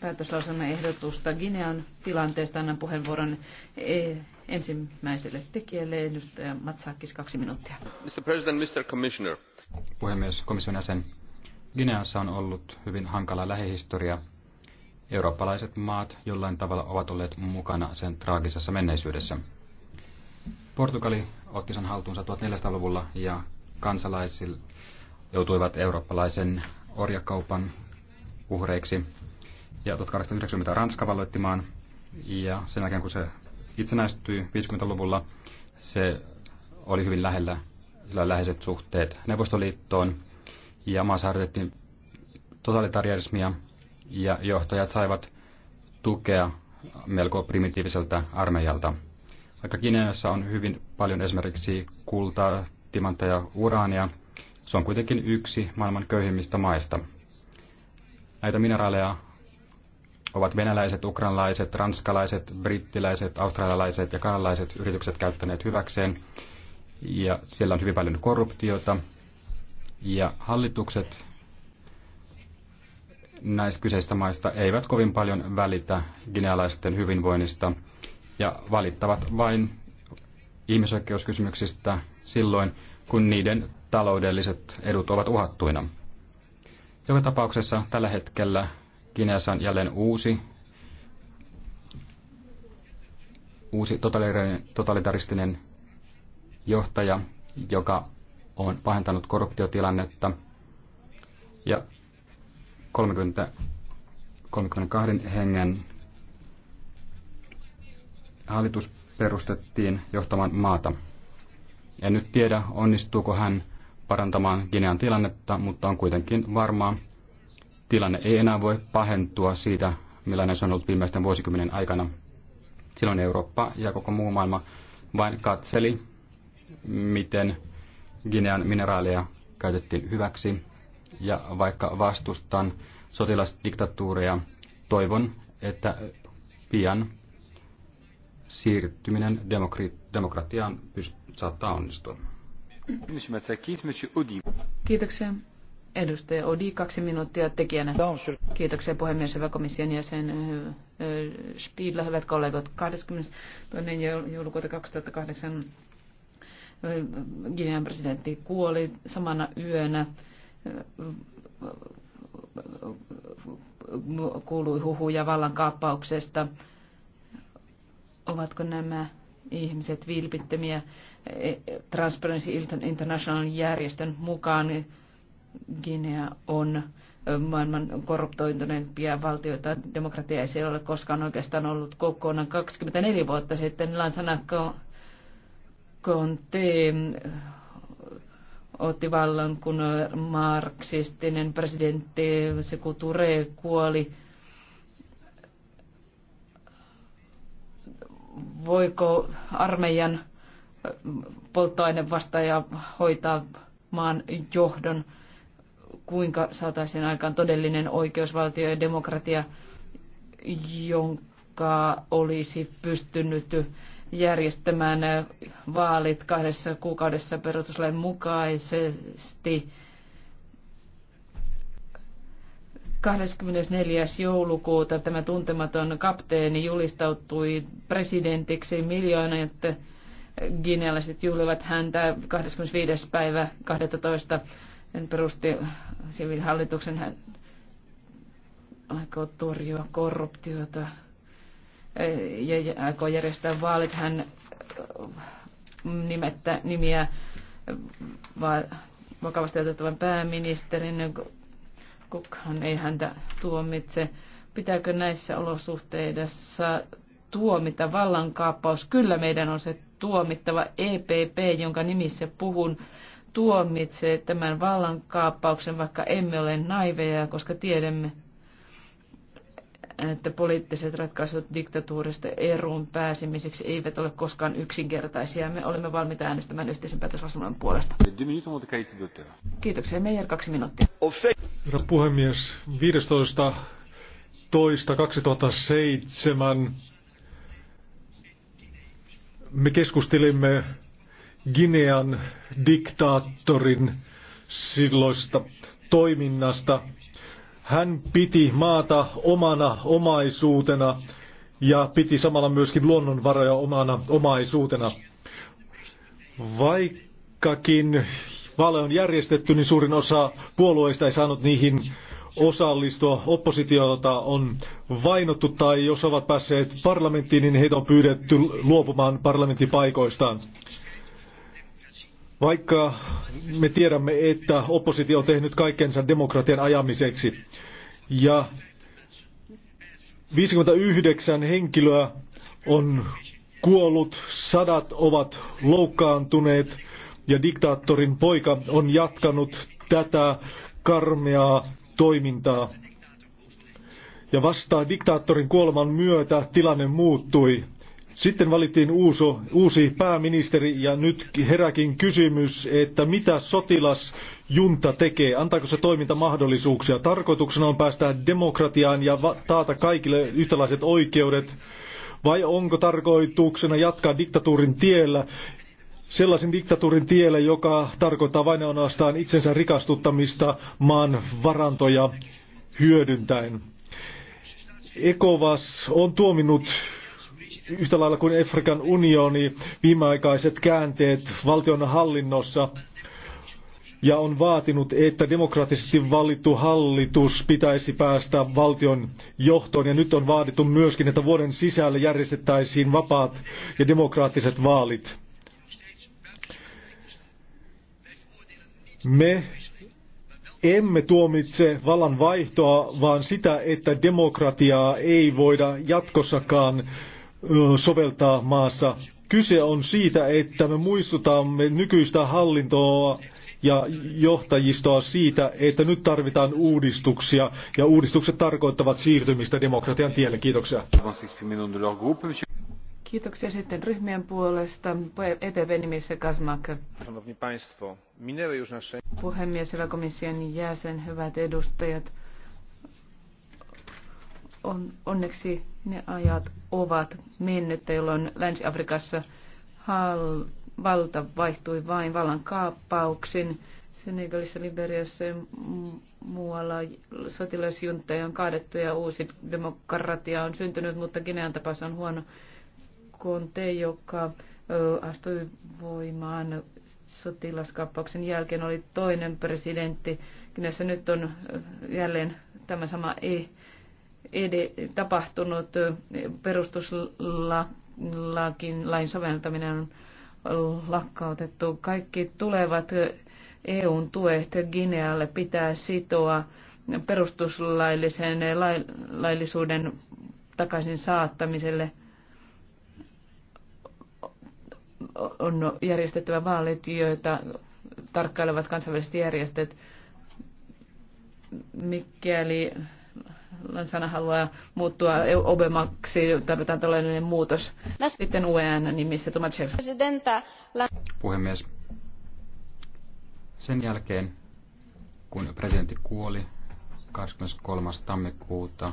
päätöslauselmaehdotusta Ginean tilanteesta. Annan puheenvuoron e, ensimmäiselle tekijälle, edustaja Matsakis, kaksi minuuttia. Mr. President, Mr. Commissioner. Puhemies, komission jäsen. Gineassa on ollut hyvin hankala lähihistoria. Eurooppalaiset maat jollain tavalla ovat olleet mukana sen traagisessa menneisyydessä. Portugali otti sen haltuunsa 1400-luvulla ja kansalaisille joutuivat eurooppalaisen orjakaupan uhreiksi ja 1890 Ranska valloitti maan. Ja sen jälkeen kun se itsenäistyi 50-luvulla, se oli hyvin lähellä, sillä oli läheiset suhteet Neuvostoliittoon. Ja maassa harjoitettiin totalitarismia ja johtajat saivat tukea melko primitiiviseltä armeijalta. Vaikka Kiinassa on hyvin paljon esimerkiksi kultaa, timantteja ja uraania, se on kuitenkin yksi maailman köyhimmistä maista. Näitä mineraaleja ovat venäläiset, ukrainalaiset, ranskalaiset, brittiläiset, australialaiset ja kanalaiset yritykset käyttäneet hyväkseen. Ja siellä on hyvin paljon korruptiota. Ja hallitukset näistä kyseistä maista eivät kovin paljon välitä ginealaisten hyvinvoinnista ja valittavat vain ihmisoikeuskysymyksistä silloin, kun niiden taloudelliset edut ovat uhattuina. Joka tapauksessa tällä hetkellä Kineassa on jälleen uusi, uusi totalitaristinen johtaja, joka on pahentanut korruptiotilannetta. Ja 30, 32 hengen hallitus perustettiin johtamaan maata. En nyt tiedä, onnistuuko hän parantamaan Ginean tilannetta, mutta on kuitenkin varmaa, tilanne ei enää voi pahentua siitä, millainen se on ollut viimeisten vuosikymmenen aikana. Silloin Eurooppa ja koko muu maailma vain katseli, miten Ginean mineraaleja käytettiin hyväksi. Ja vaikka vastustan sotilasdiktatuuria, toivon, että pian siirtyminen demokratiaan saattaa onnistua. Kiitoksia. Edustaja Odi, kaksi minuuttia tekijänä. Kiitoksia puhemies, hyvä komission jäsen eh, Spiedla, hyvät kollegat. 22. joulukuuta 2008 eh, Guinean presidentti kuoli samana yönä. Eh, kuului huhuja vallankaappauksesta. Ovatko nämä ihmiset vilpittömiä Transparency International järjestön mukaan? Guinea on maailman korruptoituneimpia valtioita. Demokratia ei siellä ole koskaan oikeastaan ollut kokonaan. 24 vuotta sitten Lansana Conte mm, otti vallan, kun marksistinen presidentti Seku Ture kuoli. Voiko armeijan polttoainevastaja hoitaa maan johdon? kuinka saataisiin aikaan todellinen oikeusvaltio ja demokratia, jonka olisi pystynyt järjestämään vaalit kahdessa kuukaudessa perustuslain mukaisesti. 24. joulukuuta tämä tuntematon kapteeni julistautui presidentiksi. Miljoonat ginealaiset juhlivat häntä 25. päivä 12. Hän perusti siviilihallituksen, hän aikoo torjua korruptiota ja aikoo järjestää vaalit. Hän nimettä, nimiä vakavasti otettavan pääministerin, kukaan ei häntä tuomitse. Pitääkö näissä olosuhteissa tuomita vallankaappaus? Kyllä meidän on se tuomittava EPP, jonka nimissä puhun, tuomitsee tämän vallankaappauksen, vaikka emme ole naiveja, koska tiedämme, että poliittiset ratkaisut diktatuurista eroon pääsemiseksi eivät ole koskaan yksinkertaisia. Me olemme valmiita äänestämään yhteisen päätöslauselman puolesta. Kiitoksia. Meijer kaksi minuuttia. Herra puhemies, 15. Toista 2007 me keskustelimme Ginean diktaattorin silloista toiminnasta. Hän piti maata omana omaisuutena ja piti samalla myöskin luonnonvaroja omana omaisuutena. Vaikkakin vaale on järjestetty, niin suurin osa puolueista ei saanut niihin osallistua. Oppositiota on vainottu tai jos ovat päässeet parlamenttiin, niin heitä on pyydetty luopumaan parlamenttipaikoistaan. paikoistaan. Vaikka me tiedämme, että oppositio on tehnyt kaikkensa demokratian ajamiseksi ja 59 henkilöä on kuollut, sadat ovat loukkaantuneet ja diktaattorin poika on jatkanut tätä karmeaa toimintaa. Ja vasta diktaattorin kuoleman myötä tilanne muuttui. Sitten valittiin uuso, uusi pääministeri ja nyt heräkin kysymys, että mitä sotilasjunta tekee? Antaako se toimintamahdollisuuksia? Tarkoituksena on päästä demokratiaan ja taata kaikille yhtäläiset oikeudet. Vai onko tarkoituksena jatkaa diktatuurin tiellä sellaisen diktatuurin tiellä, joka tarkoittaa vain ainoastaan itsensä rikastuttamista maan varantoja hyödyntäen. ECOWAS on tuominnut yhtä lailla kuin Afrikan unioni viimeaikaiset käänteet valtion hallinnossa ja on vaatinut, että demokraattisesti valittu hallitus pitäisi päästä valtion johtoon. Ja nyt on vaadittu myöskin, että vuoden sisällä järjestettäisiin vapaat ja demokraattiset vaalit. Me emme tuomitse vallan vaihtoa, vaan sitä, että demokratiaa ei voida jatkossakaan soveltaa maassa. Kyse on siitä, että me muistutamme nykyistä hallintoa ja johtajistoa siitä, että nyt tarvitaan uudistuksia ja uudistukset tarkoittavat siirtymistä demokratian tielle. Kiitoksia. Kiitoksia sitten ryhmien puolesta. EPP-nimissä Kasmak. Puhemies, hyvä komission jäsen, hyvät edustajat on, onneksi ne ajat ovat mennyt, jolloin Länsi-Afrikassa hal, valta vaihtui vain vallan kaappauksin. Senegalissa, Liberiassa ja muualla sotilasjuntteja on kaadettu ja uusi demokratia on syntynyt, mutta Ginean tapaus on huono konte, joka astui voimaan sotilaskaappauksen jälkeen oli toinen presidentti. Kiinassa nyt on jälleen tämä sama ei ed- tapahtunut perustuslakin lain soveltaminen on lakkautettu. Kaikki tulevat EUn tuet Ginealle pitää sitoa perustuslaillisen laillisuuden takaisin saattamiselle on järjestettävä vaalit, joita tarkkailevat kansainväliset järjestöt. Mikäli sana haluaa muuttua Obamaksi, tarvitaan tällainen muutos. Sitten UN nimissä Tomacev. Puhemies. Sen jälkeen, kun presidentti kuoli 23. tammikuuta,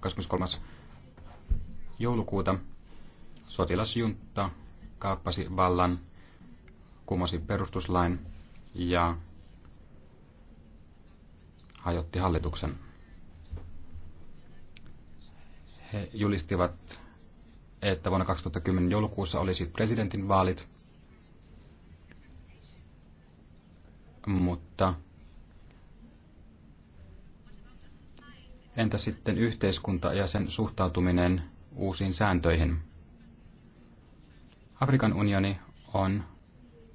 23. joulukuuta, sotilasjunta kaappasi vallan, kumosi perustuslain ja hajotti hallituksen. He julistivat, että vuonna 2010 joulukuussa olisi presidentinvaalit, mutta entä sitten yhteiskunta ja sen suhtautuminen uusiin sääntöihin? Afrikan unioni on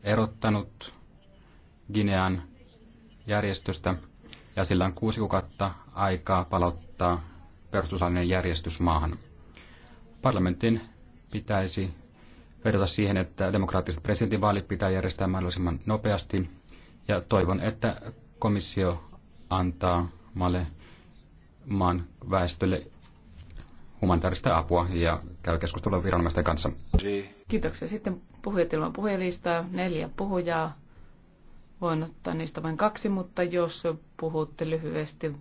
erottanut Ginean järjestöstä ja sillä on kuusi kuukautta aikaa palauttaa perustuslainen järjestys maahan. Parlamentin pitäisi vedota siihen, että demokraattiset presidentinvaalit pitää järjestää mahdollisimman nopeasti. Ja toivon, että komissio antaa maalle maan väestölle humanitaarista apua ja käy keskustelua viranomaisten kanssa. Kiitoksia. Sitten puhujatilma on puhujalistaa, neljä puhujaa. Voin ottaa niistä vain kaksi, mutta jos puhutte lyhyesti,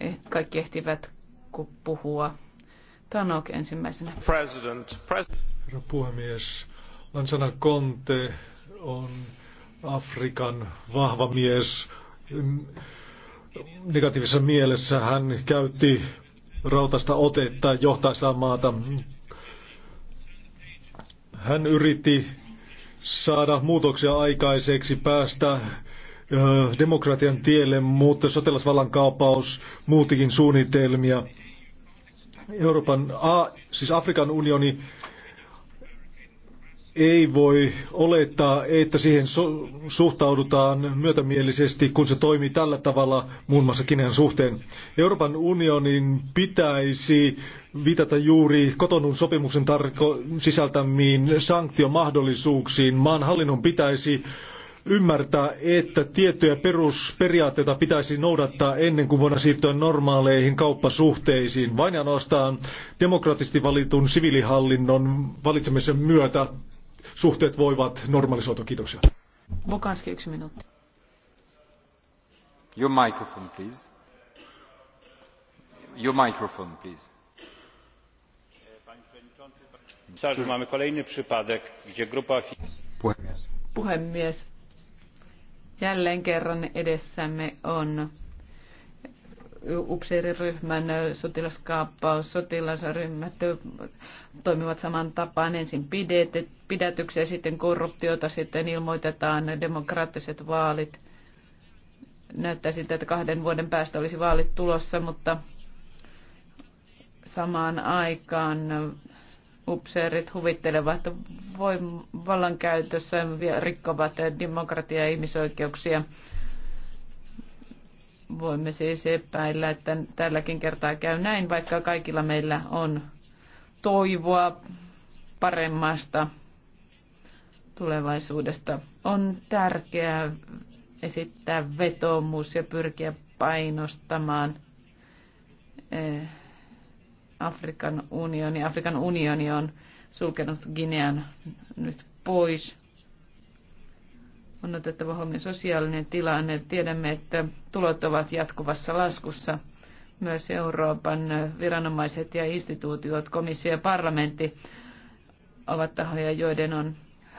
eh, kaikki ehtivät puhua. Tanok ensimmäisenä. President, president. puhemies, Lansana Conte on Afrikan vahva mies. Negatiivisessa mielessä hän käytti rautasta otetta johtaessaan maata. Hän yritti saada muutoksia aikaiseksi, päästä demokratian tielle, mutta sotilasvallan kaupaus muutikin suunnitelmia. Euroopan, A, siis Afrikan unioni ei voi olettaa, että siihen so- suhtaudutaan myötämielisesti, kun se toimii tällä tavalla muun muassa Kinean suhteen. Euroopan unionin pitäisi viitata juuri kotonun sopimuksen tarko- sisältämiin sanktiomahdollisuuksiin. Maan hallinnon pitäisi ymmärtää, että tiettyjä perusperiaatteita pitäisi noudattaa ennen kuin voidaan siirtyä normaaleihin kauppasuhteisiin. Vain ainoastaan demokraattisesti valitun siviilihallinnon valitsemisen myötä suhteet voivat normalisoitua. Kiitoksia. Bokanski, yksi minuutti. Your microphone, please. Your microphone, please. Panie kolejny przypadek, gdzie grupa... Puhemies. Puhemies. Jälleen kerran edessämme on upseeriryhmän sotilaskaappaus, sotilasryhmät toimivat saman tapaan. Ensin pidätyksiä, sitten korruptiota, sitten ilmoitetaan demokraattiset vaalit. Näyttää siltä, että kahden vuoden päästä olisi vaalit tulossa, mutta samaan aikaan upseerit huvittelevat voim- vallankäytössä rikkovat demokratiaa ja ihmisoikeuksia. Voimme siis epäillä, että tälläkin kertaa käy näin, vaikka kaikilla meillä on toivoa paremmasta tulevaisuudesta. On tärkeää esittää vetoomus ja pyrkiä painostamaan eh, Afrikan unioni. Afrikan unioni on sulkenut Ginean nyt pois. On otettava huomioon sosiaalinen tilanne. Tiedämme, että tulot ovat jatkuvassa laskussa. Myös Euroopan viranomaiset ja instituutiot, komissio ja parlamentti ovat tahoja, joiden on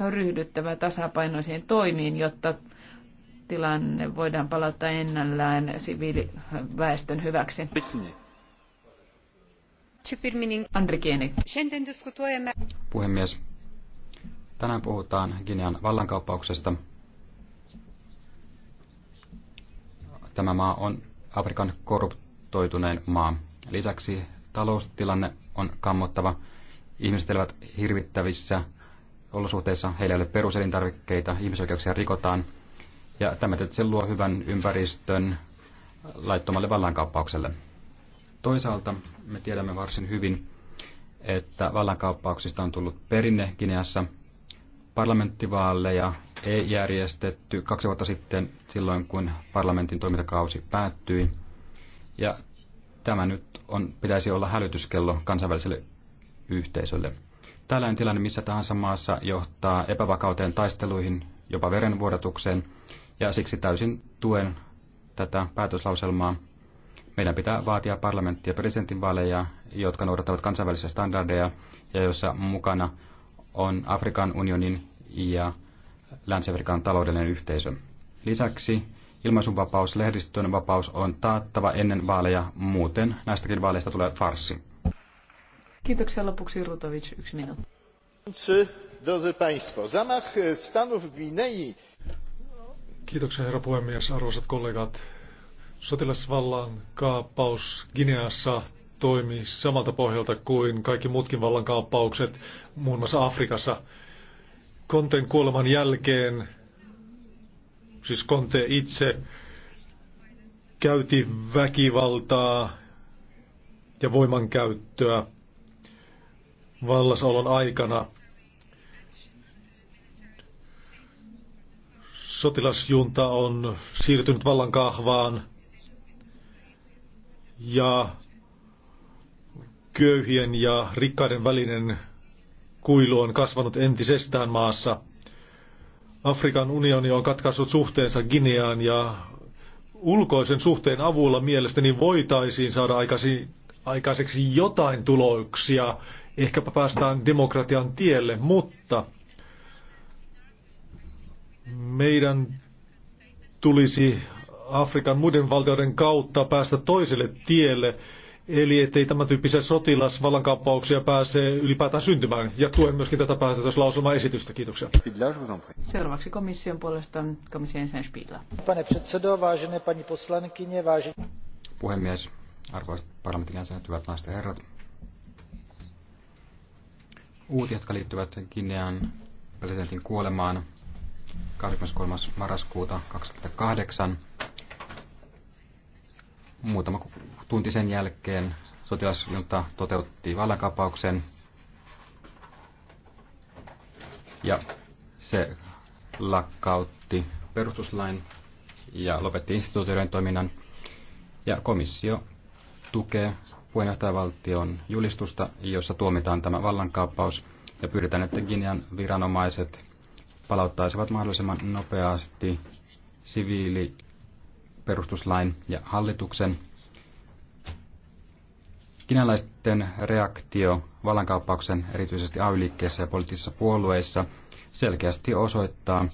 ryhdyttävä tasapainoisiin toimiin, jotta tilanne voidaan palata ennällään siviiliväestön hyväksi. Puhemies, tänään puhutaan Ginean vallankaappauksesta. Tämä maa on Afrikan korruptoitunein maa. Lisäksi taloustilanne on kammottava. Ihmiset elävät hirvittävissä olosuhteissa, heillä ei ole peruselintarvikkeita, ihmisoikeuksia rikotaan. Ja tämä tietysti luo hyvän ympäristön laittomalle vallankaappaukselle. Toisaalta me tiedämme varsin hyvin, että vallankaappauksista on tullut perinne Kineassa. Parlamenttivaaleja ei järjestetty kaksi vuotta sitten silloin, kun parlamentin toimintakausi päättyi. Ja tämä nyt on, pitäisi olla hälytyskello kansainväliselle yhteisölle. Tällainen tilanne missä tahansa maassa johtaa epävakauteen taisteluihin, jopa verenvuodatukseen, ja siksi täysin tuen tätä päätöslauselmaa, meidän pitää vaatia parlamentti- ja presidentinvaaleja, jotka noudattavat kansainvälisiä standardeja ja joissa mukana on Afrikan unionin ja Länsi-Afrikan taloudellinen yhteisö. Lisäksi ilmaisunvapaus, lehdistön vapaus on taattava ennen vaaleja, muuten näistäkin vaaleista tulee farsi. Kiitoksia lopuksi Rutovic, yksi minuutti. E, Kiitoksia herra puhemies, arvoisat kollegat. Sotilasvallan kaappaus Gineassa toimi samalta pohjalta kuin kaikki muutkin vallankaappaukset, muun muassa Afrikassa. Konten kuoleman jälkeen, siis Konte itse, käytti väkivaltaa ja voimankäyttöä vallasolon aikana. Sotilasjunta on siirtynyt vallankahvaan ja köyhien ja rikkaiden välinen kuilu on kasvanut entisestään maassa. Afrikan unioni on katkaissut suhteensa Gineaan ja ulkoisen suhteen avulla mielestäni voitaisiin saada aikaisin, aikaiseksi jotain tuloksia. Ehkäpä päästään demokratian tielle, mutta meidän tulisi Afrikan muiden valtioiden kautta päästä toiselle tielle, eli ettei tämän tyyppisiä sotilasvallankaappauksia pääse ylipäätään syntymään. Ja tuen myöskin tätä päätöslauselmaa esitystä. Kiitoksia. Seuraavaksi komission puolesta komission ensin Spiegel. Pane předsedo, vážené pani poslankyně, Puhemies, arvoisat parlamentin jäsenet, hyvät naiset ja herrat. Uutiset, jotka liittyvät Kinean presidentin kuolemaan 23. marraskuuta 2008 muutama tunti sen jälkeen sotilasjunta toteutti vallankapauksen ja se lakkautti perustuslain ja lopetti instituutioiden toiminnan. Ja komissio tukee puheenjohtajavaltion julistusta, jossa tuomitaan tämä vallankaappaus ja pyritään, että Ginian viranomaiset palauttaisivat mahdollisimman nopeasti siviili- perustuslain ja hallituksen. Kiinalaisten reaktio vallankaappauksen erityisesti ay ja poliittisissa puolueissa selkeästi osoittaa,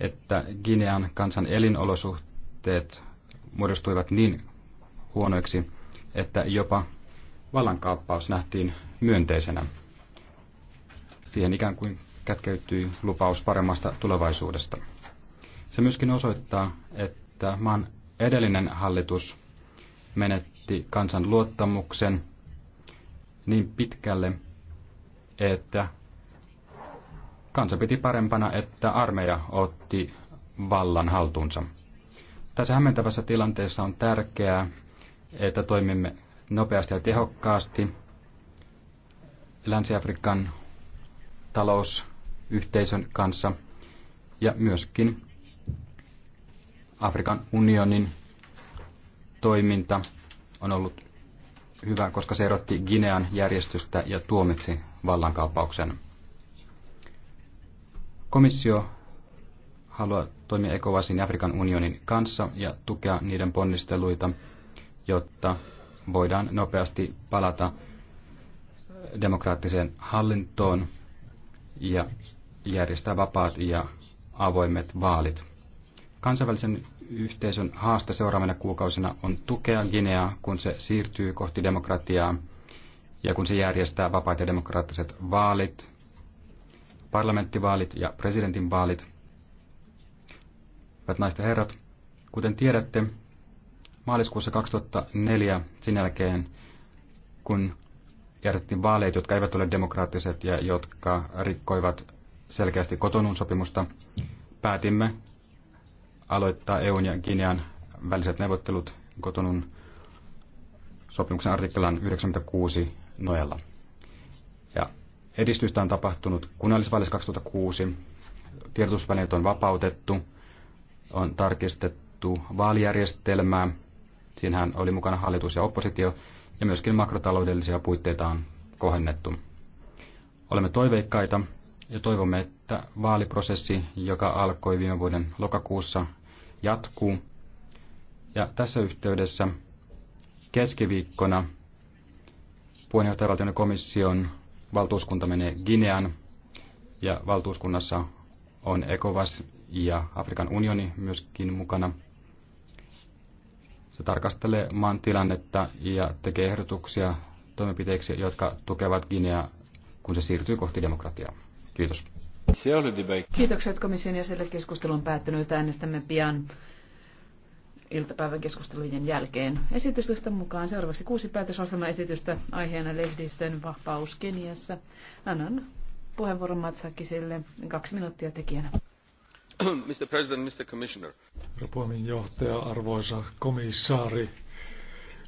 että Ginean kansan elinolosuhteet muodostuivat niin huonoiksi, että jopa vallankaappaus nähtiin myönteisenä. Siihen ikään kuin kätkeytyy lupaus paremmasta tulevaisuudesta. Se myöskin osoittaa, että maan edellinen hallitus menetti kansan luottamuksen niin pitkälle, että kansa piti parempana, että armeija otti vallan haltuunsa. Tässä hämmentävässä tilanteessa on tärkeää, että toimimme nopeasti ja tehokkaasti. Länsi-Afrikan talousyhteisön kanssa ja myöskin Afrikan unionin toiminta on ollut hyvä, koska se erotti Ginean järjestystä ja tuomitsi vallankaappauksen. Komissio haluaa toimia ECOWASin ja Afrikan unionin kanssa ja tukea niiden ponnisteluita, jotta voidaan nopeasti palata demokraattiseen hallintoon ja järjestää vapaat ja avoimet vaalit. Kansainvälisen yhteisön haaste seuraavina kuukausina on tukea Gineaa, kun se siirtyy kohti demokratiaa ja kun se järjestää vapaat ja demokraattiset vaalit, parlamenttivaalit ja presidentinvaalit. Hyvät naiset ja herrat, kuten tiedätte, maaliskuussa 2004 sen jälkeen, kun järjestettiin vaaleet, jotka eivät ole demokraattiset ja jotka rikkoivat selkeästi kotonun sopimusta, päätimme aloittaa EUn ja Kinean väliset neuvottelut kotonun sopimuksen artiklan 96 nojalla. Ja edistystä on tapahtunut kunnallisvaaleissa 2006, tiedotusvälineet on vapautettu, on tarkistettu vaalijärjestelmää, siinähän oli mukana hallitus ja oppositio, ja myöskin makrotaloudellisia puitteita on kohennettu. Olemme toiveikkaita ja toivomme, että vaaliprosessi, joka alkoi viime vuoden lokakuussa, jatkuu. Ja tässä yhteydessä keskiviikkona puheenjohtajavaltion komission valtuuskunta menee Ginean ja valtuuskunnassa on ECOWAS ja Afrikan unioni myöskin mukana. Se tarkastelee maan tilannetta ja tekee ehdotuksia toimenpiteiksi, jotka tukevat Ginea, kun se siirtyy kohti demokratiaa. Kiitos. Kiitokset komission jäsenille. Keskustelu on päättynyt. Äänestämme pian iltapäivän keskustelujen jälkeen. Esityslista mukaan seuraavaksi kuusi päätösasemaesitystä aiheena lehdistön vapaus Keniassa. Annan puheenvuoron Matsakisille kaksi minuuttia tekijänä. Mr. President, Mr. Commissioner. Puheenjohtaja, arvoisa komissaari.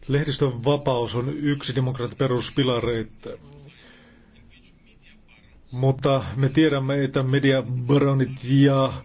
Lehdistön vapaus on yksi demokratian peruspilareita mutta me tiedämme, että mediabaronit ja